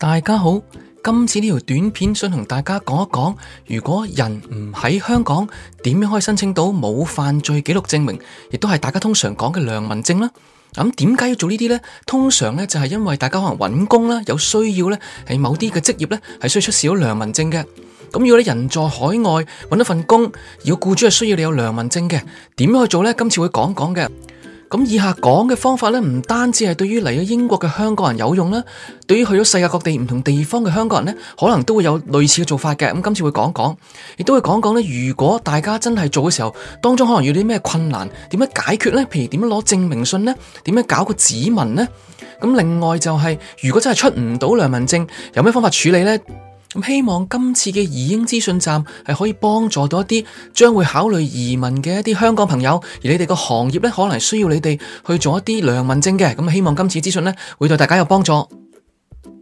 大家好，今次呢條短片想同大家講一講，如果人唔喺香港，點樣可以申請到冇犯罪記錄證明，亦都係大家通常講嘅良民證啦。咁點解要做呢啲呢？通常呢，就係因為大家可能揾工啦，有需要呢，喺某啲嘅職業呢，係需要出示到良民證嘅。咁如果你人在海外揾一份工，如果僱主係需要你有良民證嘅，點樣去做呢？今次會講講嘅。咁以下講嘅方法咧，唔單止係對於嚟咗英國嘅香港人有用啦，對於去咗世界各地唔同地方嘅香港人咧，可能都會有類似嘅做法嘅。咁今次會講講，亦都會講講咧。如果大家真係做嘅時候，當中可能有啲咩困難，點樣解決咧？譬如點樣攞證明信咧？點樣搞個指紋咧？咁另外就係、是，如果真係出唔到良民證，有咩方法處理咧？咁希望今次嘅移英資訊站係可以幫助到一啲將會考慮移民嘅一啲香港朋友，而你哋個行業呢，可能需要你哋去做一啲良民證嘅，咁希望今次資訊呢，會對大家有幫助。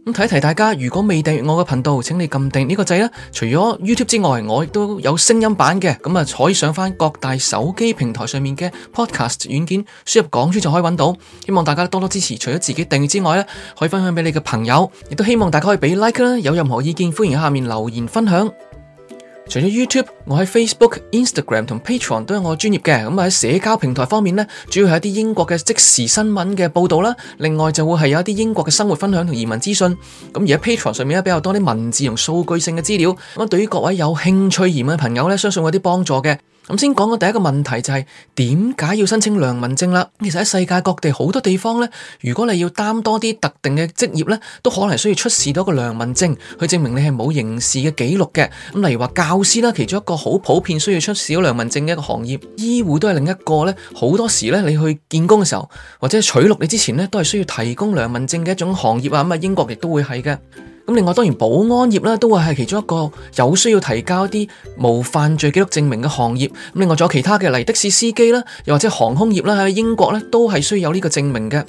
咁提提大家，如果未訂閱我嘅頻道，請你撳定呢個掣啦。除咗 YouTube 之外，我亦都有聲音版嘅，咁啊，採上返各大手機平台上面嘅 Podcast 軟件輸入港珠就可以搵到。希望大家多多支持，除咗自己訂閱之外咧，可以分享俾你嘅朋友，亦都希望大家可以俾 like 啦。有任何意見，歡迎喺下面留言分享。除咗 YouTube，我喺 Facebook、Instagram 同 Patreon 都有我專業嘅。咁啊喺社交平台方面呢，主要係一啲英國嘅即時新聞嘅報道啦。另外就會係有一啲英國嘅生活分享同移民資訊。咁而喺 Patreon 上面呢，比較多啲文字同數據性嘅資料。咁啊，對於各位有興趣移民嘅朋友呢，相信會有啲幫助嘅。咁先講個第一個問題就係點解要申請良民證啦？其實喺世界各地好多地方呢，如果你要擔多啲特定嘅職業呢，都可能需要出示到一個良民證，去證明你係冇刑事嘅記錄嘅。例如話教師啦，其中一個好普遍需要出示良民證嘅一個行業，醫護都係另一個呢。好多時咧，你去見工嘅時候，或者取錄你之前呢，都係需要提供良民證嘅一種行業啊。咁英國亦都會係嘅。另外當然保安業啦，都會係其中一個有需要提交啲無犯罪紀錄證明嘅行業。另外仲有其他嘅，例如的士司機啦，又或者航空業啦，喺英國咧，都係需要有呢個證明嘅。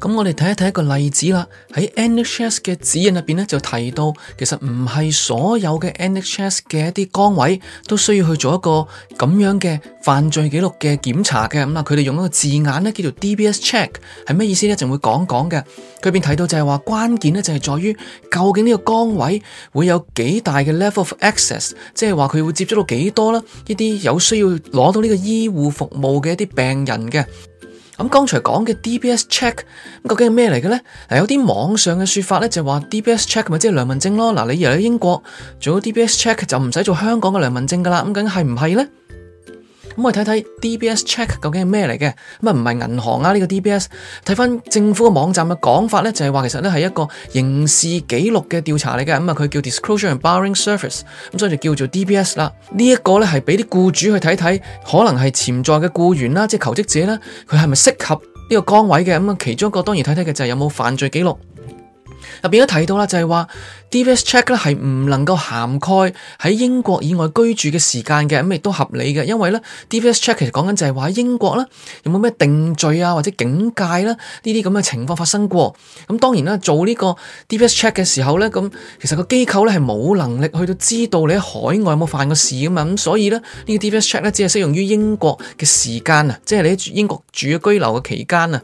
咁我哋睇一睇一個例子啦，喺 NHS 嘅指引入邊咧就提到，其實唔係所有嘅 NHS 嘅一啲崗位都需要去做一個咁樣嘅犯罪記錄嘅檢查嘅，咁啊佢哋用一個字眼咧叫做 DBS Check，係咩意思咧？就會講講嘅，佢入邊提到就係話關鍵咧就係在於究竟呢個崗位會有幾大嘅 level of access，即係話佢會接觸到幾多啦，一啲有需要攞到呢個醫護服務嘅一啲病人嘅。咁剛才講嘅 DBS Check 究竟係咩嚟嘅咧？有啲網上嘅説法咧就話 DBS Check 咪即係良民證咯。嗱，你而家喺英國做咗 DBS Check 就唔使做香港嘅良民證噶啦。咁究竟係唔係咧？咁我睇睇 D B S check 究竟係咩嚟嘅？咁啊唔係銀行啊，呢個 D B S，睇翻政府嘅網站嘅講法咧，就係話其實咧係一個刑事紀錄嘅調查嚟嘅。咁啊佢叫 Disclosure Barring Service，咁所以就叫做 D B S 啦。呢一個咧係俾啲僱主去睇睇，可能係潛在嘅僱員啦，即係求職者啦，佢係咪適合呢個崗位嘅？咁啊其中一個當然睇睇嘅就係有冇犯罪記錄。入邊都提到啦，就係話 DBS check 咧係唔能夠涵蓋喺英國以外居住嘅時間嘅，咁亦都合理嘅，因為咧 DBS check 其實講緊就係話喺英國啦，有冇咩定罪啊或者警戒啦呢啲咁嘅情況發生過。咁當然啦，做呢個 DBS check 嘅時候咧，咁其實個機構咧係冇能力去到知道你喺海外有冇犯過事噶嘛，咁所以咧呢個 DBS check 咧只係適用於英國嘅時間啊，即係你喺英國住嘅居留嘅期間啊。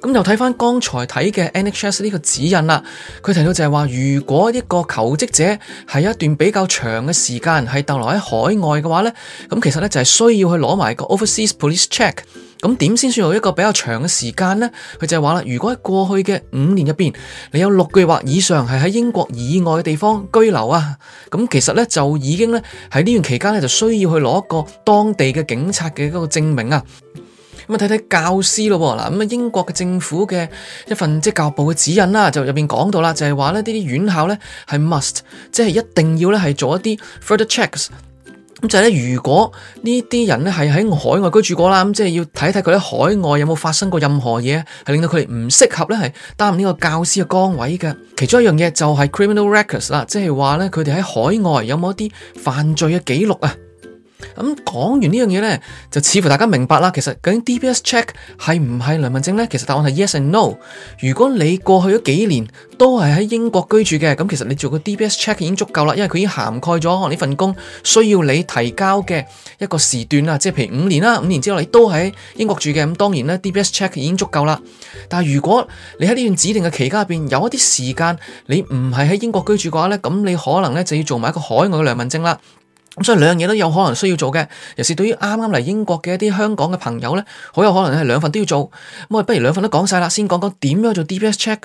咁又睇翻剛才睇嘅 NHS 呢個指引啦，佢提到就係話，如果一個求職者係一段比較長嘅時間係逗留喺海外嘅話咧，咁其實咧就係需要去攞埋個 Overseas Police Check。咁點先算有一個比較長嘅時間咧？佢就係話啦，如果喺過去嘅五年入邊，你有六個月以上係喺英國以外嘅地方居留啊，咁其實咧就已經咧喺呢段期間咧就需要去攞一個當地嘅警察嘅嗰個證明啊。咁睇睇教師咯，嗱咁啊英國嘅政府嘅一份即係教育部嘅指引啦，就入邊講到啦，就係話咧呢啲院校咧係 must，即係一定要咧係做一啲 further checks。咁就係咧，如果呢啲人咧係喺海外居住過啦，咁即係要睇睇佢喺海外有冇發生過任何嘢，係令到佢哋唔適合咧係擔任呢個教師嘅崗位嘅。其中一樣嘢就係 criminal records 啦，即係話咧佢哋喺海外有冇一啲犯罪嘅記錄啊？咁講完呢樣嘢呢，就似乎大家明白啦。其實究竟 DBS Check 係唔係良民證呢？其實答案係 Yes and No。如果你過去咗幾年都係喺英國居住嘅，咁其實你做個 DBS Check 已經足夠啦，因為佢已經涵蓋咗可能呢份工需要你提交嘅一個時段啦。即係譬如五年啦，五年之後你都喺英國住嘅，咁當然呢 DBS Check 已經足夠啦。但係如果你喺呢段指定嘅期間入邊有一啲時間你唔係喺英國居住嘅話呢，咁你可能呢就要做埋一個海外嘅良民證啦。所以兩樣嘢都有可能需要做嘅，尤其是對於啱啱嚟英國嘅一啲香港嘅朋友咧，好有可能咧係兩份都要做。咁啊，不如兩份都講晒啦，先講講點樣做 DBS Check。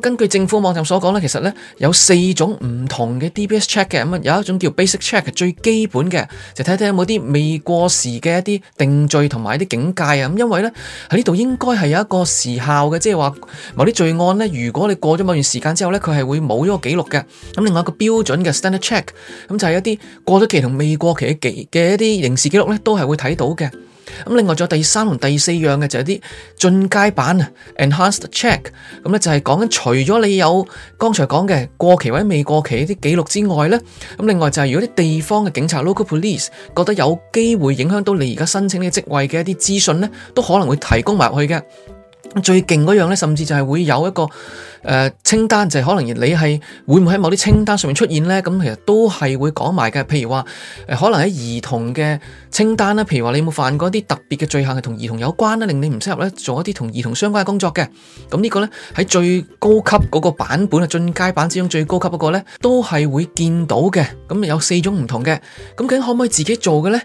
根據政府網站所講咧，其實咧有四種唔同嘅 DBS check 嘅，咁啊有一種叫 basic check 最基本嘅，就睇睇有冇啲未過時嘅一啲定罪同埋一啲警戒啊，咁因為咧喺呢度應該係有一個時效嘅，即係話某啲罪案呢，如果你過咗某段時間之後呢，佢係會冇咗個記錄嘅。咁另外一個標準嘅 standard check，咁就係一啲過咗期同未過期嘅記嘅一啲刑事記錄呢，都係會睇到嘅。咁另外仲有第三同第四樣嘅就係啲進階版啊，enhanced check，咁咧就係講緊除咗你有剛才講嘅過期或者未過期啲記錄之外咧，咁另外就係如果啲地方嘅警察 local police 覺得有機會影響到你而家申請呢個職位嘅一啲資訊咧，都可能會提供埋去嘅。最勁嗰樣咧，甚至就係會有一個誒清單，就係可能你係會唔會喺某啲清單上面出現咧？咁其實都係會講埋嘅。譬如話誒，可能喺兒童嘅清單啦，譬如話你有冇犯過一啲特別嘅罪行係同兒童有關咧，令你唔適合咧做一啲同兒童相關嘅工作嘅。咁呢個咧喺最高級嗰個版本啊，進階版之中最高級嗰個咧，都係會見到嘅。咁有四種唔同嘅，咁究竟可唔可以自己做嘅咧？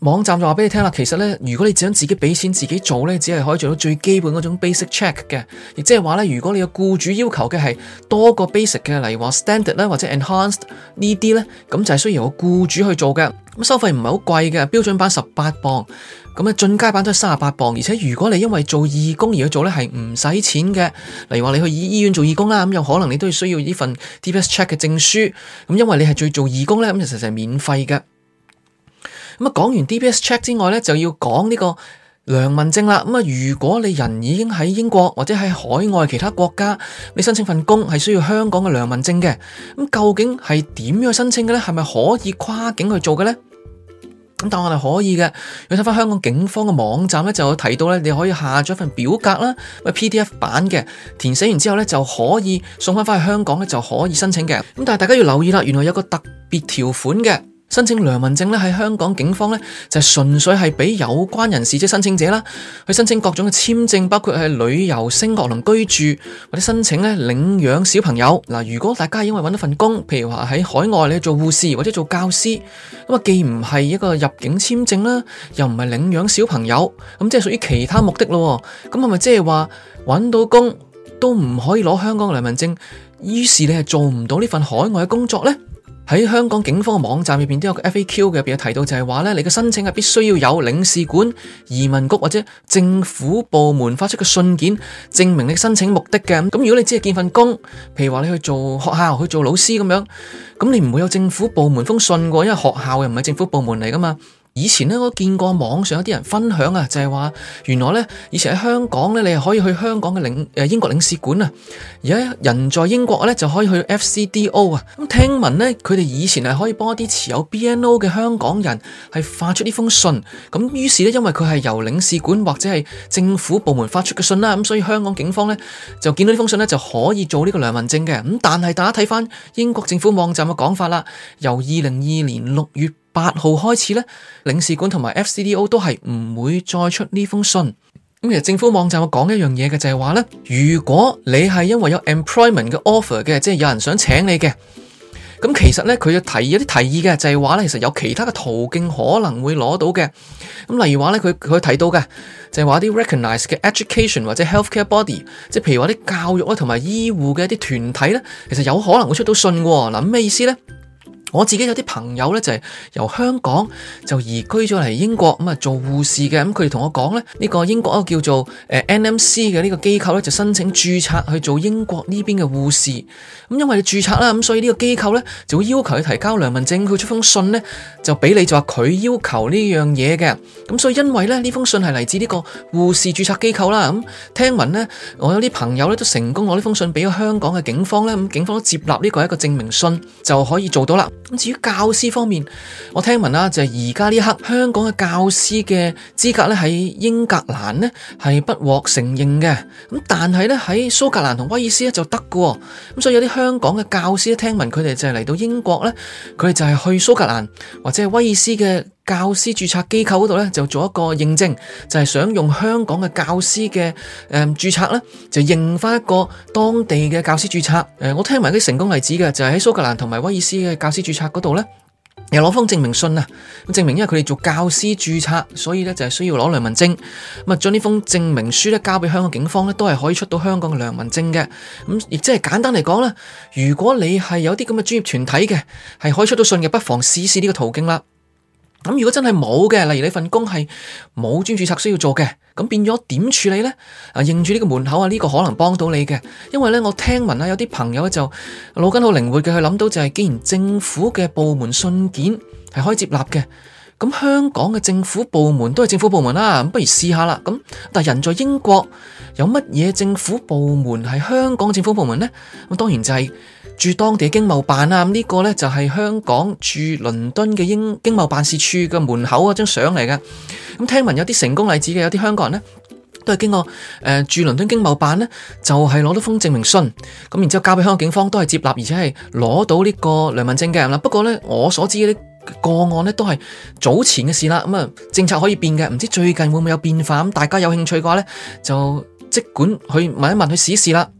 網站就話俾你聽啦，其實咧，如果你只想自己畀錢自己做咧，只係可以做到最基本嗰種 basic check 嘅，亦即係話咧，如果你嘅僱主要求嘅係多個 basic 嘅，例如話 standard 啦或者 enhanced 呢啲咧，咁就係需要由個僱主去做嘅。咁收費唔係好貴嘅，標準版十八磅，咁啊進階版都係三十八磅。而且如果你因為做義工而去做咧，係唔使錢嘅。例如話你去醫院做義工啦，咁有可能你都要需要呢份 DBS check 嘅證書，咁因為你係最做義工咧，咁其實就係免費嘅。咁講完 DBS Check 之外呢，就要講呢個良民證啦。咁啊，如果你人已經喺英國或者喺海外其他國家，你申請份工係需要香港嘅良民證嘅。咁究竟係點樣申請嘅呢？係咪可以跨境去做嘅呢？咁答案係可以嘅。你睇翻香港警方嘅網站呢，就有提到呢，你可以下載一份表格啦，PDF 版嘅，填寫完之後呢，就可以送翻翻去香港呢，就可以申請嘅。咁但係大家要留意啦，原來有個特別條款嘅。申請良民證咧，喺香港警方咧就純粹係俾有關人士，即係申請者啦，去申請各種嘅簽證，包括係旅遊、升學、同居住，或者申請咧領養小朋友。嗱，如果大家因為揾到份工，譬如話喺海外你做護士或者做教師，咁啊既唔係一個入境簽證啦，又唔係領養小朋友，咁即係屬於其他目的咯。咁係咪即係話揾到工都唔可以攞香港嘅良民證？於是你係做唔到呢份海外嘅工作咧？喺香港警方嘅網站入面都有個 FAQ 嘅，入邊有提到就係話你嘅申請係必須要有領事館、移民局或者政府部門發出嘅信件，證明你嘅申請目的嘅。咁如果你只係見份工，譬如話你去做學校去做老師咁樣，咁你唔會有政府部門封信喎，因為學校又唔係政府部門嚟噶嘛。以前呢，我見過網上有啲人分享啊，就係話原來呢，以前喺香港呢，你係可以去香港嘅領英國領事館啊。而家人在英國呢，就可以去 FCDO 啊。咁聽聞呢，佢哋以前係可以幫一啲持有 BNO 嘅香港人係發出呢封信。咁於是呢，因為佢係由領事館或者係政府部門發出嘅信啦，咁所以香港警方呢，就見到呢封信呢，就可以做呢個良民證嘅。咁但係大家睇翻英國政府網站嘅講法啦，由二零二二年六月八號開始咧，領事館同埋 FCDO 都係唔會再出呢封信。咁其實政府網站我講一樣嘢嘅就係話咧，如果你係因為有 employment 嘅 offer 嘅，即係有人想請你嘅，咁其實咧，佢要提一啲提議嘅就係話咧，其實有其他嘅途徑可能會攞到嘅。咁例如話咧，佢佢提到嘅就係話啲 recognize 嘅 education 或者 healthcare body，即係譬如話啲教育啊同埋醫護嘅一啲團體咧，其實有可能會出到信。嗱咩意思咧？我自己有啲朋友咧就係、是、由香港就移居咗嚟英國，咁啊、嗯、做護士嘅，咁佢哋同我講咧，呢，這個英國一個叫做誒 NMC 嘅呢個機構咧就申請註冊去做英國呢邊嘅護士，咁、嗯、因為註冊啦，咁所以個機呢個機構咧就會要求佢提交良民證，佢出封信咧就俾你就話佢要求呢樣嘢嘅，咁所以因為咧呢封信係嚟自呢個護士註冊機構啦，咁、嗯、聽聞咧我有啲朋友咧都成功攞呢封信俾咗香港嘅警方咧，咁、嗯、警方都接納呢個一個證明信就可以做到啦。至於教師方面，我聽聞啦，就係而家呢刻，香港嘅教師嘅資格咧喺英格蘭咧係不獲承認嘅。咁但係咧喺蘇格蘭同威爾斯咧就得嘅。咁所以有啲香港嘅教師咧聽聞佢哋就係嚟到英國咧，佢哋就係去蘇格蘭或者係威爾斯嘅。教師註冊機構嗰度呢，就做一個認證，就係、是、想用香港嘅教師嘅誒註冊咧，就認翻一個當地嘅教師註冊。誒、呃，我聽埋啲成功例子嘅，就係喺蘇格蘭同埋威爾斯嘅教師註冊嗰度呢，又攞封證明信啊，證明因為佢哋做教師註冊，所以呢，就係、是、需要攞良民證。咁、嗯、啊，將呢封證明書咧交俾香港警方呢，都係可以出到香港嘅良民證嘅。咁亦即係簡單嚟講呢，如果你係有啲咁嘅專業團體嘅，係可以出到信嘅，不妨試試呢個途徑啦。咁如果真係冇嘅，例如你份工係冇專注冊需要做嘅，咁變咗點處理呢？啊，認住呢個門口啊，呢個可能幫到你嘅，因為呢，我聽聞呢，有啲朋友呢就腦筋好靈活嘅，去諗到就係，既然政府嘅部門信件係可以接納嘅，咁香港嘅政府部門都係政府部門啦，咁不如試下啦。咁但人在英國有乜嘢政府部門係香港政府部門呢？咁當然就係、是。住當地經貿辦啊，呢、這個呢就係香港駐倫敦嘅英經貿辦事處嘅門口嗰張相嚟嘅。咁聽聞有啲成功例子嘅，有啲香港人呢都係經過誒、呃、駐倫敦經貿辦呢，就係、是、攞到封證明信，咁然之後交俾香港警方都係接納，而且係攞到呢個良民證嘅人啦。不過呢，我所知嘅啲個案呢都係早前嘅事啦。咁、嗯、啊，政策可以變嘅，唔知最近會唔會有變化。咁大家有興趣嘅話呢，就即管去問一問，去試一試啦。去試一試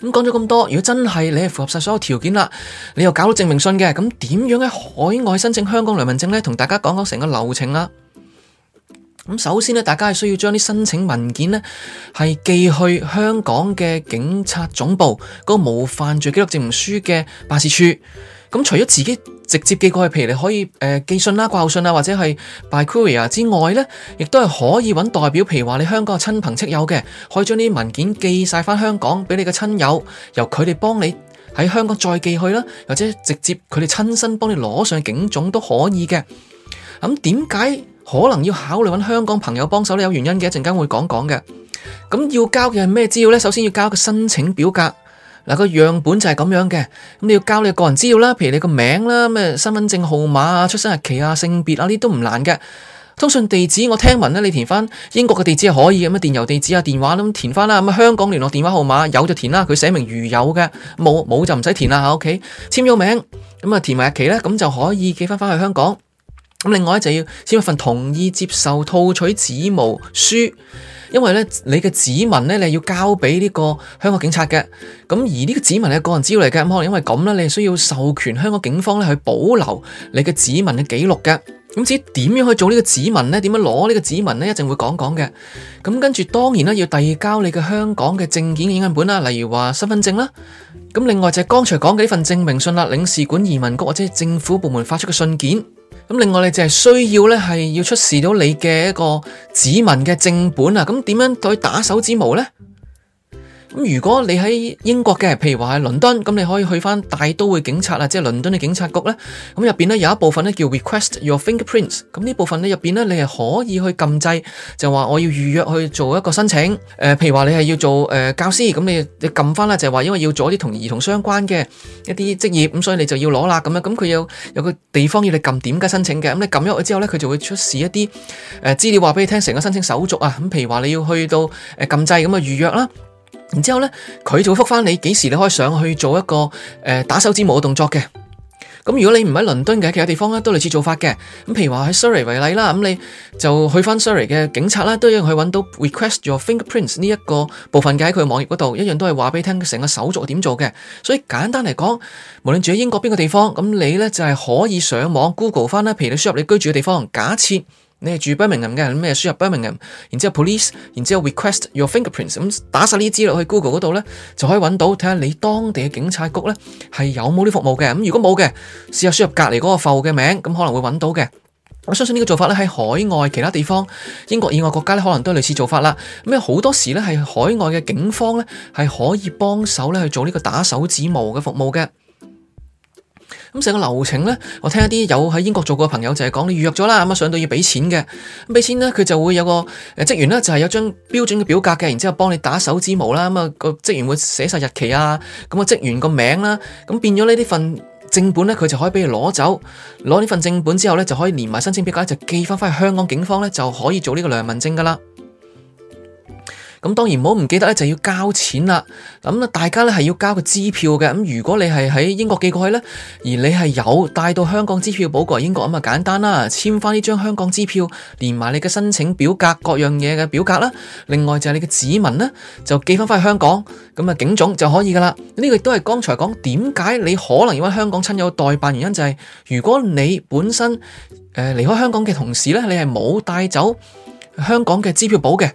咁講咗咁多，如果真係你係符合晒所有條件啦，你又搞到證明信嘅，咁點樣喺海外申請香港良民證呢？同大家講講成個流程啦。咁首先呢，大家係需要將啲申請文件呢，係寄去香港嘅警察總部嗰個無犯罪記錄證明書嘅辦事處。咁除咗自己直接寄過去，譬如你可以寄信啦，掛號信啊，或者係 by courier 之外呢，亦都係可以搵代表，譬如話你香港嘅親朋戚友嘅，可以將啲文件寄晒翻香港俾你嘅親友，由佢哋幫你喺香港再寄去啦，或者直接佢哋親身幫你攞上去警總都可以嘅。咁點解可能要考慮搵香港朋友幫手呢？有原因嘅，一陣間會講講嘅。咁要交嘅係咩資料呢？首先要交一個申請表格。嗱個樣本就係咁樣嘅，咁你要交你個人資料啦，譬如你個名啦，咩身份證號碼啊、出生日期啊、性別啊，呢啲都唔難嘅。通訊地址我聽聞咧，你填翻英國嘅地址係可以嘅，咩啊電郵地址啊、電話咁填翻啦，咁香港聯絡電話號碼有就填啦，佢寫明如有嘅，冇冇就唔使填啦，喺屋企簽咗名，咁啊填埋日期咧，咁就可以寄翻翻去香港。咁另外咧就要簽一份同意接受套取指模書，因為咧你嘅指紋咧，你係要交俾呢個香港警察嘅。咁而呢個指紋係個人資料嚟嘅，可能因為咁啦，你係需要授權香港警方咧去保留你嘅指紋嘅記錄嘅。咁至於點樣去做呢個指紋咧？點樣攞呢個指紋咧？一陣會講講嘅。咁跟住當然啦，要遞交你嘅香港嘅證件影印本啦，例如話身份證啦。咁另外就係剛才講幾份證明信啦，領事館、移民局或者政府部門發出嘅信件。另外你就係需要咧，係要出示到你嘅一個指紋嘅正本啊！咁點樣去打手指模咧？如果你喺英國嘅，譬如話喺倫敦，咁你可以去返大都會警察啊，即係倫敦嘅警察局呢。咁入邊呢有一部分呢叫 request your fingerprints，咁呢部分呢入邊呢，你係可以去撳掣，就話我要預約去做一個申請。呃、譬如話你係要做誒、呃、教師，咁你你撳返啦，就係話因為要做一啲同兒童相關嘅一啲職業，咁所以你就要攞啦。咁樣咁佢有有個地方要你撳點嘅申請嘅，咁你撳咗佢之後呢，佢就會出示一啲誒資料話俾你聽，成個申請手續啊。咁譬如話你要去到誒撳、呃、掣咁啊預約啦。然之後呢，佢就會復翻你幾時你可以上去做一個誒、呃、打手指模嘅動作嘅。咁如果你唔喺倫敦嘅，其他地方咧都類似做法嘅。咁譬如話喺 Surrey 為例啦，咁、嗯、你就去翻 Surrey 嘅警察啦，都一樣去揾到 request your fingerprints 呢一個部分嘅。喺佢網頁嗰度，一樣都係話俾你聽成個手續點做嘅。所以簡單嚟講，無論住喺英國邊個地方，咁你呢就係、是、可以上網 Google 翻啦。譬如你輸入你居住嘅地方，假設。你係住 Birmingham 嘅，咁咩輸入 Birmingham 然之後 police，然之後 request your fingerprints，咁打晒呢啲資料去 Google 嗰度咧，就可以揾到睇下你當地嘅警察局咧係有冇啲服務嘅。咁如果冇嘅，試下輸入隔離嗰個埠嘅名，咁可能會揾到嘅。我相信呢個做法咧喺海外其他地方，英國以外國家咧可能都有類似做法啦。咁有好多時咧係海外嘅警方咧係可以幫手咧去做呢個打手指模嘅服務嘅。咁成個流程呢，我聽一啲有喺英國做過嘅朋友就係講，你預約咗啦，咁啊上到要畀錢嘅，畀俾錢呢，佢就會有個誒職員呢，就係、是、有張標準嘅表格嘅，然之後幫你打手指模啦，咁啊個職員會寫晒日期啊，咁、嗯、啊職員個名啦，咁、嗯、變咗呢啲份正本呢，佢就可以畀你攞走，攞呢份正本之後呢，就可以連埋申請表格就寄翻翻去香港警方呢，就可以做呢個良民證噶啦。咁當然唔好唔記得咧，就要交錢啦。咁大家咧係要交個支票嘅。咁如果你係喺英國寄過去咧，而你係有帶到香港支票簿過嚟英國咁啊，簡單啦，簽翻呢張香港支票，連埋你嘅申請表格各樣嘢嘅表格啦。另外就係你嘅指紋咧，就寄翻翻去香港，咁啊警總就可以噶啦。呢、這個亦都係剛才講點解你可能要揾香港親友代辦原因、就是，就係如果你本身誒離開香港嘅同時咧，你係冇帶走香港嘅支票簿嘅。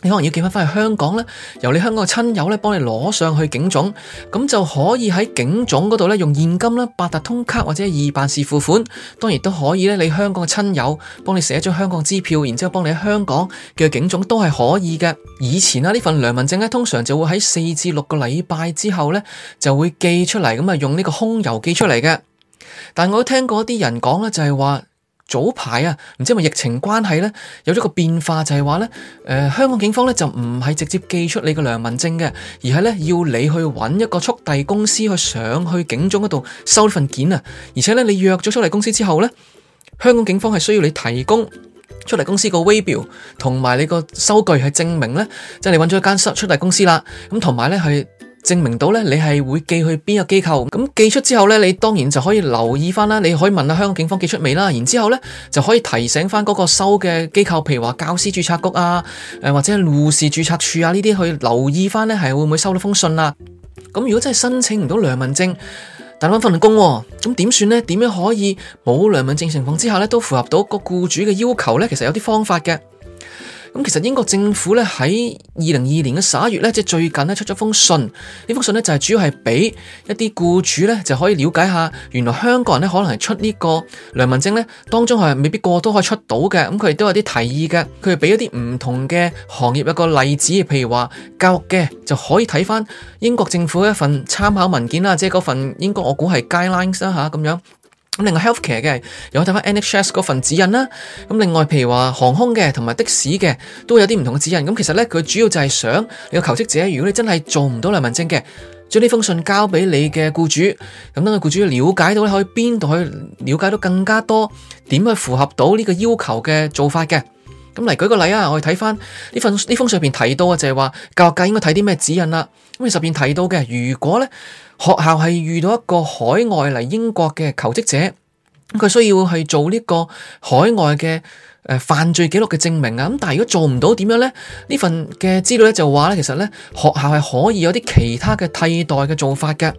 你可能要寄翻翻去香港咧，由你香港嘅親友咧幫你攞上去警總，咁就可以喺警總嗰度咧用現金啦、八達通卡或者易辦事付款，當然都可以咧。你香港嘅親友幫你寫張香港支票，然之後幫你喺香港嘅警總都係可以嘅。以前啦，呢份良民證咧通常就會喺四至六個禮拜之後咧就會寄出嚟，咁啊用呢個空郵寄出嚟嘅。但我都聽過一啲人講咧，就係話。早排啊，唔知係咪疫情關係呢？有咗個變化就，就係話呢，誒，香港警方呢，就唔係直接寄出你個良民證嘅，而係呢，要你去揾一個速遞公司去上去警總嗰度收份件啊，而且呢，你約咗速遞公司之後呢，香港警方係需要你提供速遞公司個 waybill 同埋你個收據去證明呢，即係你揾咗一間速遞公司啦，咁同埋呢，係。證明到咧，你係會寄去邊個機構？咁寄出之後咧，你當然就可以留意翻啦。你可以問下香港警方寄出未啦。然之後咧，就可以提醒翻嗰個收嘅機構，譬如話教師註冊局啊，誒或者護士註冊處啊呢啲去留意翻咧，係會唔會收到封信啦，啊？咁如果真係申請唔到良民證，但係揾份工，啊，咁點算咧？點樣可以冇良民證情況之下咧都符合到個僱主嘅要求咧？其實有啲方法嘅。咁其實英國政府咧，喺二零二二年嘅十一月咧，即係最近咧出咗封信，呢封信咧就係主要係俾一啲僱主咧就可以了解下，原來香港人咧可能係出呢個良民證咧，當中係未必個個都可以出到嘅，咁佢哋都有啲提議嘅，佢哋俾咗啲唔同嘅行業一個例子，譬如話教育嘅就可以睇翻英國政府一份參考文件啦，即係嗰份英國我估係 guidelines 啦嚇咁樣。咁另外 healthcare 嘅，又睇翻 NHS 嗰份指引啦。咁另外，譬如話航空嘅同埋的士嘅，都有啲唔同嘅指引。咁其實咧，佢主要就係想你個求職者，如果你真係做唔到良民證嘅，將呢封信交俾你嘅僱主，咁等個僱主了解到你可以邊度去了解到更加多，點去符合到呢個要求嘅做法嘅。咁嚟舉個例啊，我哋睇翻呢份呢封信入邊提到嘅，就係話教育界應該睇啲咩指引啦。咁你入邊提到嘅，如果咧。學校係遇到一個海外嚟英國嘅求職者，佢需要去做呢個海外嘅誒犯罪記錄嘅證明啊！咁但係如果做唔到呢，點樣咧？呢份嘅資料咧就話咧，其實咧學校係可以有啲其他嘅替代嘅做法嘅。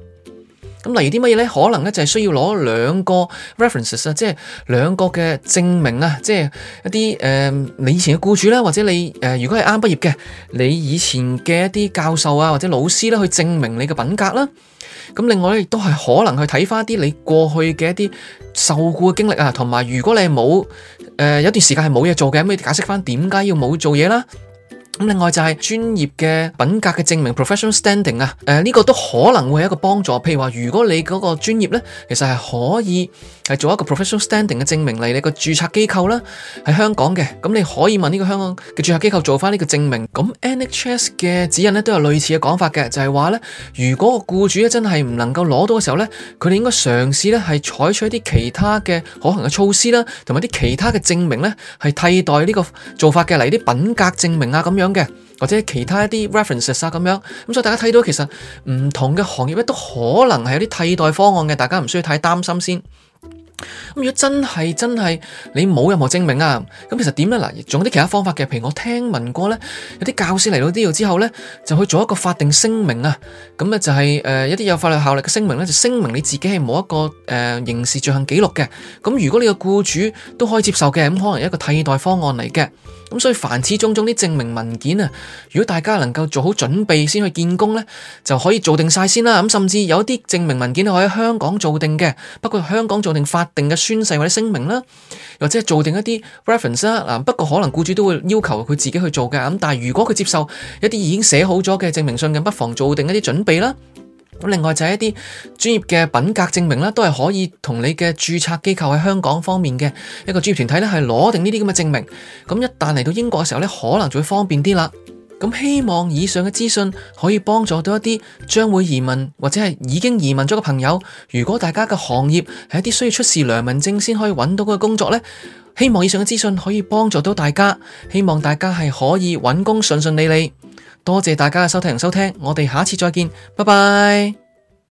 咁例如啲乜嘢咧？可能咧就係需要攞兩個 references 啊，即係兩個嘅證明啊，即係一啲誒你以前嘅僱主咧，或者你誒、呃、如果係啱畢業嘅，你以前嘅一啲教授啊或者老師啦去證明你嘅品格啦。咁另外咧，亦都係可能去睇翻啲你過去嘅一啲受雇嘅經歷啊，同埋如果你冇誒有、呃、有段時間係冇嘢做嘅，可唔可以解釋翻點解要冇做嘢啦？咁另外就係專業嘅品格嘅證明 professional standing 啊，誒呢個都可能會有一個幫助。譬如話如果你個專業咧，其實係可以係做一個 professional standing 嘅證明嚟，你個註冊機構啦，係香港嘅，咁你可以問呢個香港嘅註冊機構做翻呢個證明。咁 NHS 嘅指引咧都有類似嘅講法嘅，就係話咧，如果僱主咧真係唔能夠攞到嘅時候咧，佢哋應該嘗試咧係採取一啲其他嘅可行嘅措施啦，同埋啲其他嘅證明咧係替代呢個做法嘅嚟啲品格證明啊咁樣。嘅，或者其他一啲 references 啊，咁樣，咁、嗯、所以大家睇到其實唔同嘅行業咧，都可能係有啲替代方案嘅，大家唔需要太擔心先。咁、嗯、如果真係真係你冇任何證明啊，咁、嗯、其實點樣嗱？仲有啲其他方法嘅，譬如我聽聞過呢，有啲教師嚟到呢度之後呢，就去做一個法定聲明啊，咁、嗯、咧就係、是、誒、呃、一啲有法律效力嘅聲明咧，就聲明你自己係冇一個誒、呃、刑事罪行記錄嘅。咁、嗯、如果你個僱主都可以接受嘅，咁、嗯、可能一個替代方案嚟嘅。咁所以凡此種種啲證明文件啊，如果大家能夠做好準備先去見工咧，就可以做定晒先啦。咁甚至有啲證明文件都可以喺香港做定嘅，包括香港做定法定嘅宣誓或者聲明啦，或者係做定一啲 reference 啦。嗱，不過可能僱主都會要求佢自己去做嘅。咁但係如果佢接受一啲已經寫好咗嘅證明信，咁不妨做定一啲準備啦。另外就係一啲專業嘅品格證明啦，都係可以同你嘅註冊機構喺香港方面嘅一個專業團體咧，係攞定呢啲咁嘅證明。咁一旦嚟到英國嘅時候咧，可能就會方便啲啦。咁希望以上嘅資訊可以幫助到一啲將會移民或者係已經移民咗嘅朋友。如果大家嘅行業係一啲需要出示良民證先可以揾到嗰個工作咧，希望以上嘅資訊可以幫助到大家。希望大家係可以揾工順順利利。多謝大家嘅收聽收聽，我哋下次再見，拜拜。